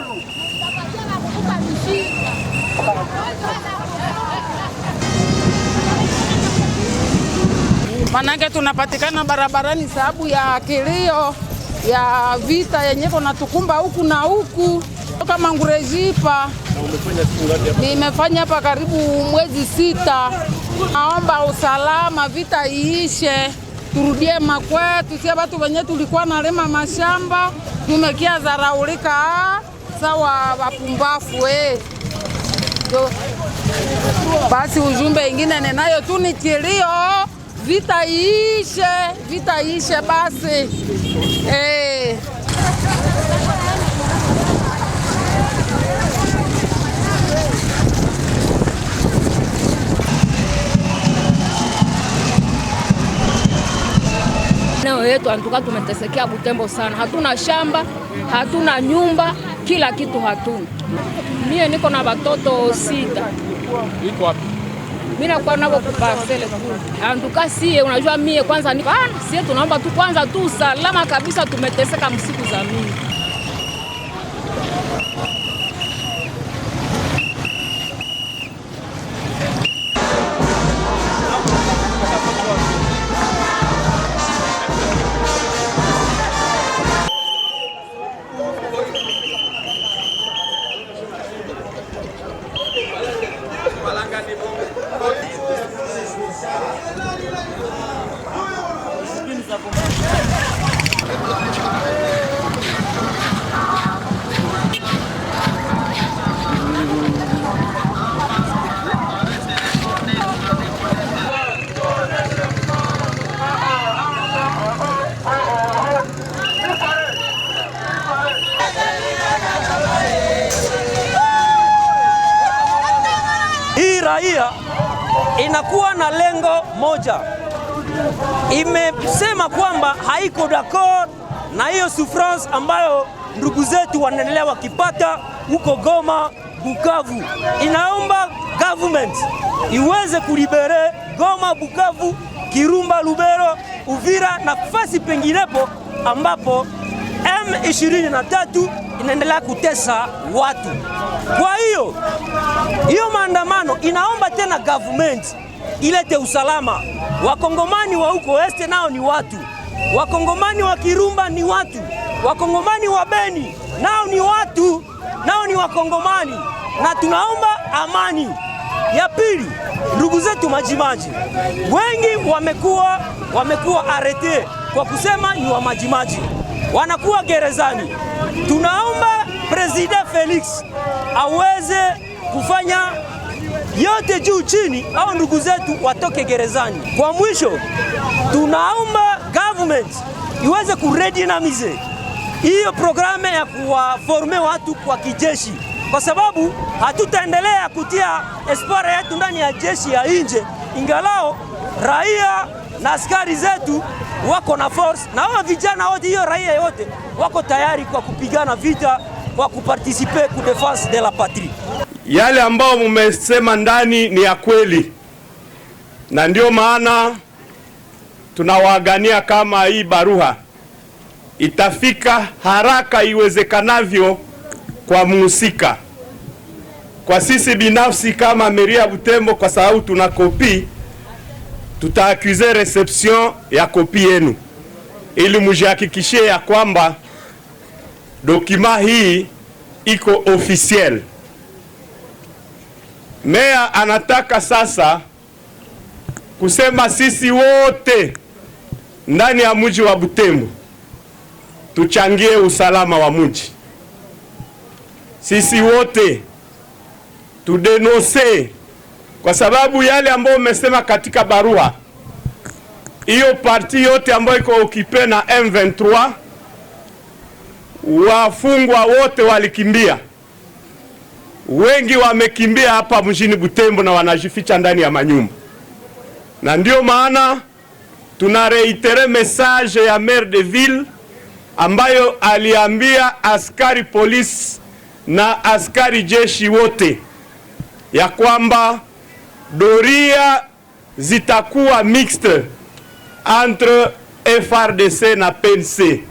lulu Manake tunapatikana barabarani sababu ya kilio ya vita yenye konatukumba huku na huku toka Mangurezipa. Nimefanya hapa karibu mwezi sita. Naomba usalama, vita iishe, turudie makwetu. Sie watu wenye tulikuwa nalima mashamba tumekia zaraulika sawa wapumbafu eh. Basi ujumbe ingine nenayo tu ni kilio, vita iishe, vita iishe basi eh. Eneo yetu antuka tumetesekea Butembo sana, hatuna shamba, hatuna nyumba kila kitu hatuna. Mie niko na batoto sita, iko wapi? Mimi kwa nabo ku parcele kuu antuka sie, unajua mie kwanza niko ah, sie tunaomba tu kwanza tu salama kabisa, tumeteseka msiku za mingi Hii raia inakuwa na lengo moja imesema kwamba haiko d'accord na hiyo souffrance ambayo ndugu zetu wanaendelea wakipata huko Goma, Bukavu. Inaomba government iweze kulibere Goma, Bukavu, Kirumba, Lubero, Uvira na fasi penginepo ambapo M23 inaendelea kutesa watu. Kwa hiyo hiyo maandamano inaomba tena government ilete usalama. Wakongomani wa huko este nao ni watu, wakongomani wa Kirumba ni watu, wakongomani wa Beni nao ni watu, nao ni wakongomani, na tunaomba amani. Ya pili, ndugu zetu majimaji wengi wamekuwa wamekuwa arete kwa kusema ni wa majimaji, wanakuwa gerezani. Tunaomba President Felix aweze kufanya yote juu chini, au ndugu zetu watoke gerezani. Kwa mwisho, tunaomba government iweze kuredinamize hiyo programe ya kuwaforme watu kwa kijeshi, kwa sababu hatutaendelea kutia espoir yetu ndani ya jeshi ya nje, ingalao raia na askari zetu wako na force na wao vijana wote, hiyo raia yote wako tayari kwa kupigana vita kwa kupartisipe ku defense de la patrie yale ambayo mmesema ndani ni ya kweli, na ndio maana tunawaagania kama hii barua itafika haraka iwezekanavyo kwa mhusika, kwa sisi binafsi kama meria Butembo, kwa sababu tuna kopi, tutaakize reception ya kopi yenu ili mujihakikishie ya kwamba dokima hii iko officiel Meya anataka sasa kusema sisi wote ndani ya mji wa Butembo tuchangie usalama wa mji. Sisi wote tudenose, kwa sababu yale ambayo umesema katika barua hiyo, parti yote ambayo iko okipe na M23 wafungwa wote walikimbia wengi wamekimbia hapa mjini Butembo na wanajificha ndani ya manyumba, na ndio maana tuna reitere message ya maire de ville ambayo aliambia askari polisi na askari jeshi wote ya kwamba doria zitakuwa mixte entre FRDC na PNC.